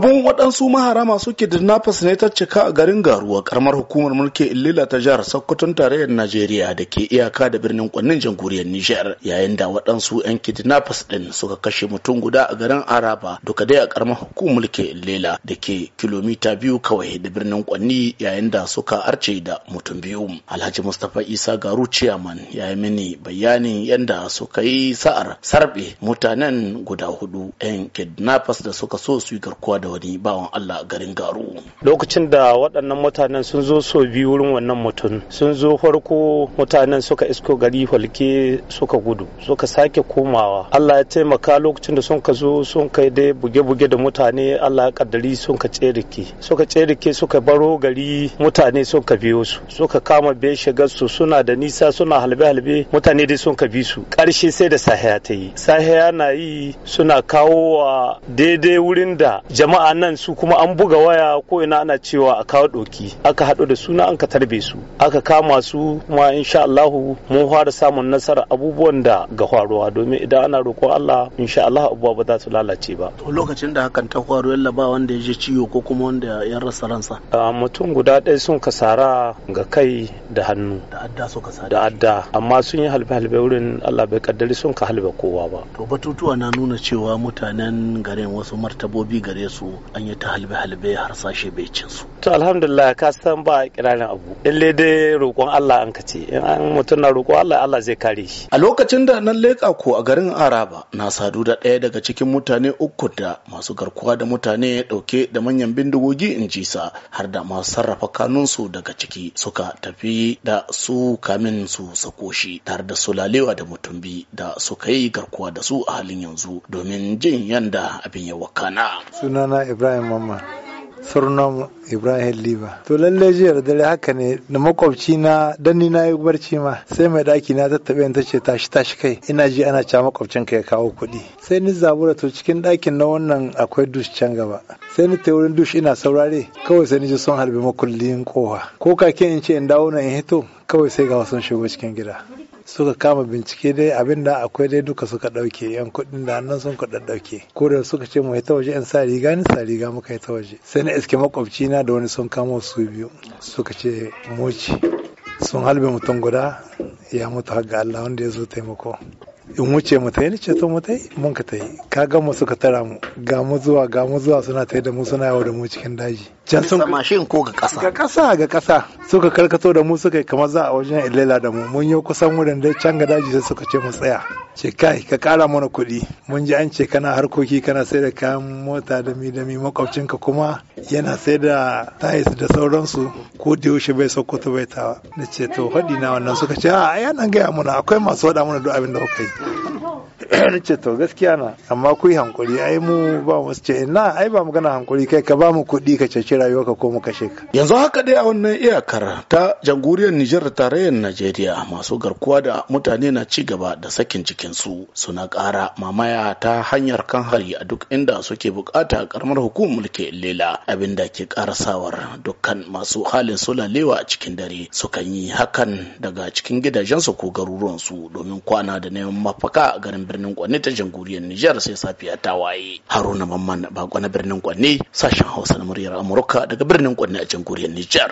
Rumbun waɗansu mahara masu da ne ta cika a garin Garuwa karamar hukumar mulki Illila ta jihar Sokoton tarayyar Najeriya da ke iyaka da birnin Kwannin jamhuriyar Nijar yayin da waɗansu 'yan kidnappers ɗin suka kashe mutum guda a garin Araba duka dai a karamar hukumar mulki Illila da ke kilomita biyu kawai da birnin Kwanni yayin da suka arce da mutum biyu. Alhaji Mustapha Isa Garu Ciyaman ya yi mini bayanin yadda suka yi sa'ar sarbe mutanen guda hudu 'yan kidnappers da suka so su yi garkuwa da wani bawan Allah garin Garu. Lokacin da waɗannan mutanen sun zo so biyu wurin wannan mutum sun zo farko mutanen suka isko gari falke suka gudu suka sake komawa Allah ya taimaka lokacin da sun ka zo sun kai dai buge-buge da mutane Allah ya kaddari sun ka tserike suka tserike suka baro gari mutane sun ka biyo su suka kama bai shigar su suna da nisa suna halbe-halbe mutane dai sun ka bi su karshe sai da sahiya ta yi sahiya na yi suna kawo wa daidai wurin da jama'a a nan su kuma an buga waya ko ina ana cewa a kawo doki aka haɗu da suna an ka tarbe su aka kama su kuma insha Allahu mun fara samun nasara abubuwan da ga faruwa domin idan ana roƙon Allah insha Allah abubuwa ba za su lalace ba to lokacin da hakan ta faru yalla ba wanda ya je ciwo ko kuma wanda ya rasa ransa mutum guda ɗaya sun kasara ga kai da hannu da adda su kasara da adda amma sun yi halbe halbe wurin Allah bai kaddari sun ka halbe kowa ba to batutuwa na nuna cewa mutanen garin wasu martabobi gare su an yi ta halbe-halbe harsashe bai cin su. To alhamdulillah ka san ba kiranin abu. In dai roƙon Allah an ka ce in an mutum na roƙon Allah Allah zai kare shi. A lokacin da nan leƙa ko a garin Araba na sadu da ɗaya daga cikin mutane uku da masu garkuwa da mutane ɗauke da manyan bindigogi in ji sa har da masu sarrafa kanunsu daga ciki suka tafi da su kamin su sako shi tare da sulalewa da mutum bi da suka yi garkuwa da su a halin yanzu domin jin yanda abin ya wakana. Sunana Ibrahim Mamma, Surnom Ibrahim Liba. To lalle jiya dare haka ne da makwabci na danni ni na yi barci ma sai mai daki na tattabe ta ce tashi tashi kai ina ji ana ca makwabcin ka ya kawo kuɗi. Sai ni zabura to cikin dakin na wannan akwai dush can gaba. Sai ni ta wurin dush ina saurare kawai sai ni ji sun harbi makullin kowa. Ko kake in ce in dawo na in hito kawai sai ga wasu shigo cikin gida. suka kama bincike dai abin da akwai dai duka suka ɗauke yan kudin da hannun sun kudin ɗauke ko da suka ce mu ta waje in sa riga ni sa riga muka ta waje sai na iske makwabci na da wani sun kama su biyu suka ce moci sun halbe mutum guda ya mutu har ga Allah wanda ya zo taimako in wuce mu ta yi ce to mu ta yi mun ka ta yi ka ga mu suka tara mu ga mu zuwa ga mu zuwa suna ta da mu suna yawo da mu cikin daji can sun mashin ko ga kasa ga kasa ga kasa suka karkato da mu suka yi kamar za a wajen illela da mu mun yi kusan wurin da can ga daji sai suka ce mu tsaya ce kai ka kara mana kuɗi mun ji an ce kana harkoki kana sai da kayan mota da mi makwabcinka kuma yana sai da tayis da sauransu ko da yaushe bai sokoto bai tawa na ce to haɗi na wannan suka ce a yana gaya muna akwai masu faɗa muna duk abin da kuka yi ce to gaskiya na amma ku yi hankuri ai mu ba mu ce ina ai ba gana hankuri kai ka ba mu kuɗi ka ceci ko mu kashe ka yanzu haka dai a wannan iyakar ta jamhuriyar Nijar tarayyar Najeriya masu garkuwa da mutane na ci gaba da sakin cikin su suna ƙara mamaya ta hanyar kan hari a duk inda suke bukata karamar hukumar mulki Lela da ke karasawar dukkan masu halin sulalewa a cikin dare sukan yi hakan daga cikin gidajensu ko garuruwansu domin kwana da neman mafaka a garin birnin birnin Kwanne ta jamhuriyar Nijar sai safiya ta waye. Haruna Mamman Bako na birnin Kwanne sashen Hausa na muryar Amurka daga birnin Kwanne a jamhuriyar Nijar.